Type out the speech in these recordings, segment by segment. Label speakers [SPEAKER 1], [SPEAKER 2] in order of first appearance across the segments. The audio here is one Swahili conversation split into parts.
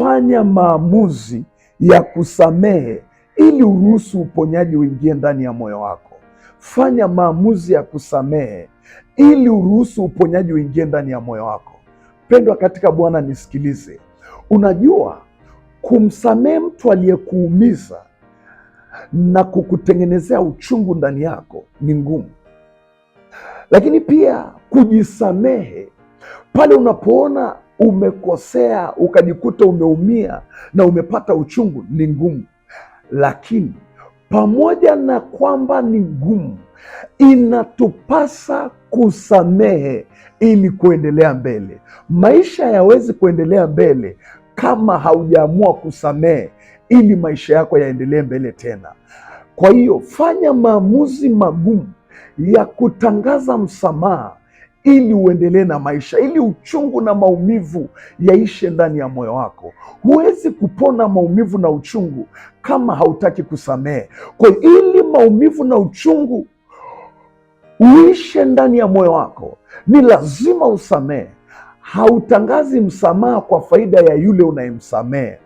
[SPEAKER 1] fanya maamuzi ya kusamehe ili uruhusu uponyaji uingie ndani ya moyo wako. Fanya maamuzi ya kusamehe ili uruhusu uponyaji uingie ndani ya moyo wako. Pendwa katika Bwana, nisikilize. Unajua, kumsamehe mtu aliyekuumiza na kukutengenezea uchungu ndani yako ni ngumu, lakini pia kujisamehe pale unapoona umekosea ukajikuta umeumia na umepata uchungu, ni ngumu. Lakini pamoja na kwamba ni ngumu, inatupasa kusamehe ili kuendelea mbele. Maisha yawezi kuendelea mbele kama haujaamua kusamehe ili maisha yako yaendelee mbele tena. Kwa hiyo fanya maamuzi magumu ya kutangaza msamaha ili uendelee na maisha, ili uchungu na maumivu yaishe ndani ya moyo wako. Huwezi kupona maumivu na uchungu kama hautaki kusamehe. Kwa ili maumivu na uchungu uishe ndani ya moyo wako, ni lazima usamehe. Hautangazi msamaha kwa faida ya yule unayemsamehe,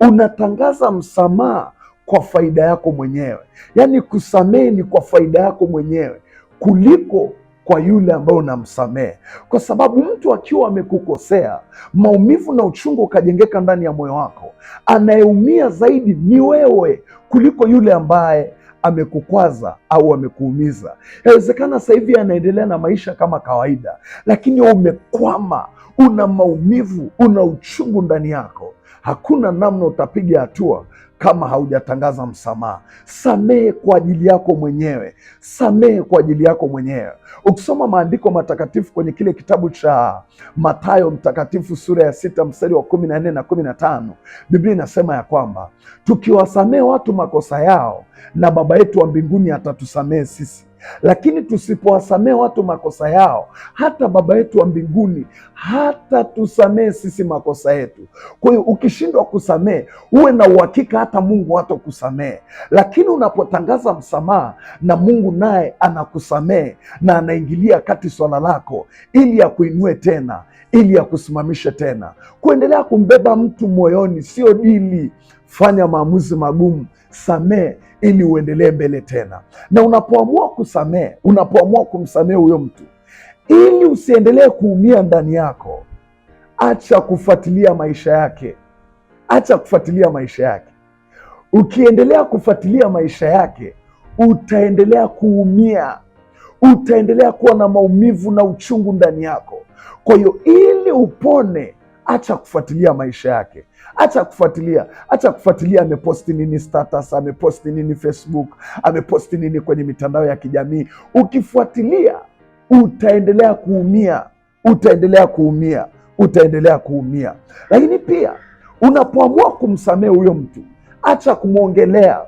[SPEAKER 1] unatangaza msamaha kwa faida yako mwenyewe. Yaani kusamehe ni kwa faida yako mwenyewe kuliko kwa yule ambaye unamsamehe, kwa sababu mtu akiwa amekukosea, maumivu na uchungu ukajengeka ndani ya moyo wako, anayeumia zaidi ni wewe kuliko yule ambaye amekukwaza au amekuumiza. Yawezekana sasa hivi anaendelea na maisha kama kawaida, lakini umekwama, una maumivu, una uchungu ndani yako. Hakuna namna utapiga hatua kama haujatangaza msamaha. Samehe kwa ajili yako mwenyewe, samehe kwa ajili yako mwenyewe. Ukisoma maandiko matakatifu kwenye kile kitabu cha Mathayo Mtakatifu sura ya sita mstari wa kumi na nne na kumi na tano Biblia inasema ya kwamba tukiwasamehe watu makosa yao, na Baba yetu wa mbinguni atatusamehe sisi. Lakini tusipowasamehe watu makosa yao, hata Baba yetu wa mbinguni hata tusamehe sisi makosa yetu. Kwa hiyo ukishindwa kusamehe, uwe na uhakika hata Mungu hatakusamehe. Lakini unapotangaza msamaha, na Mungu naye anakusamehe na anaingilia kati swala lako, ili akuinue tena, ili akusimamishe tena. Kuendelea kumbeba mtu moyoni sio dili, fanya maamuzi magumu, samehe ili uendelee mbele tena. Na unapoamua kusamehe, unapoamua kumsamehe huyo mtu ili usiendelee kuumia ndani yako, acha kufuatilia maisha yake, acha kufuatilia maisha yake. Ukiendelea kufuatilia maisha yake, utaendelea kuumia, utaendelea kuwa na maumivu na uchungu ndani yako. Kwa hiyo ili upone acha kufuatilia maisha yake, acha kufuatilia, acha kufuatilia ameposti nini status, ameposti nini Facebook, ameposti nini kwenye mitandao ya kijamii. Ukifuatilia utaendelea kuumia, utaendelea kuumia, utaendelea kuumia. Lakini pia unapoamua kumsamehe huyo mtu, acha kumwongelea,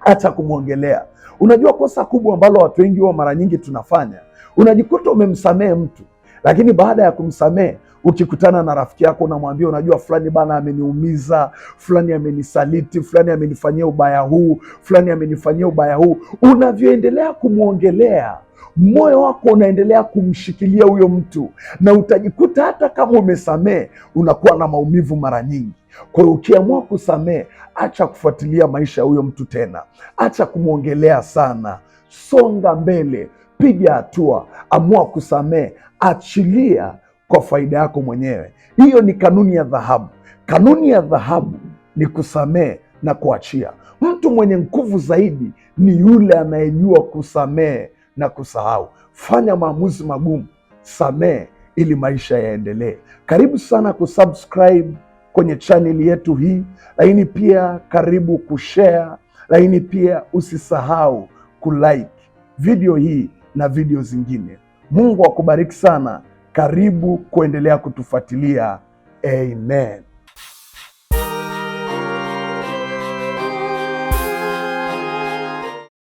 [SPEAKER 1] acha kumwongelea. Unajua kosa kubwa ambalo watu wengi huwa mara nyingi tunafanya, unajikuta umemsamehe mtu, lakini baada ya kumsamehe Ukikutana na rafiki yako unamwambia, unajua fulani bana ameniumiza, fulani amenisaliti, fulani amenifanyia ubaya huu, fulani amenifanyia ubaya huu. Unavyoendelea kumwongelea moyo wako unaendelea kumshikilia huyo mtu, na utajikuta hata kama umesamee unakuwa na maumivu mara nyingi. Kwa hiyo ukiamua kusamee acha kufuatilia maisha ya huyo mtu tena, acha kumwongelea sana, songa mbele, piga hatua, amua kusamee achilia kwa faida yako mwenyewe. Hiyo ni kanuni ya dhahabu. Kanuni ya dhahabu ni kusamehe na kuachia. Mtu mwenye nguvu zaidi ni yule anayejua kusamehe na kusahau. Fanya maamuzi magumu, samehe ili maisha yaendelee. Karibu sana kusubscribe kwenye chaneli yetu hii, lakini pia karibu kushare, lakini pia usisahau kulike video hii na video zingine. Mungu akubariki sana. Karibu kuendelea kutufuatilia. Amen.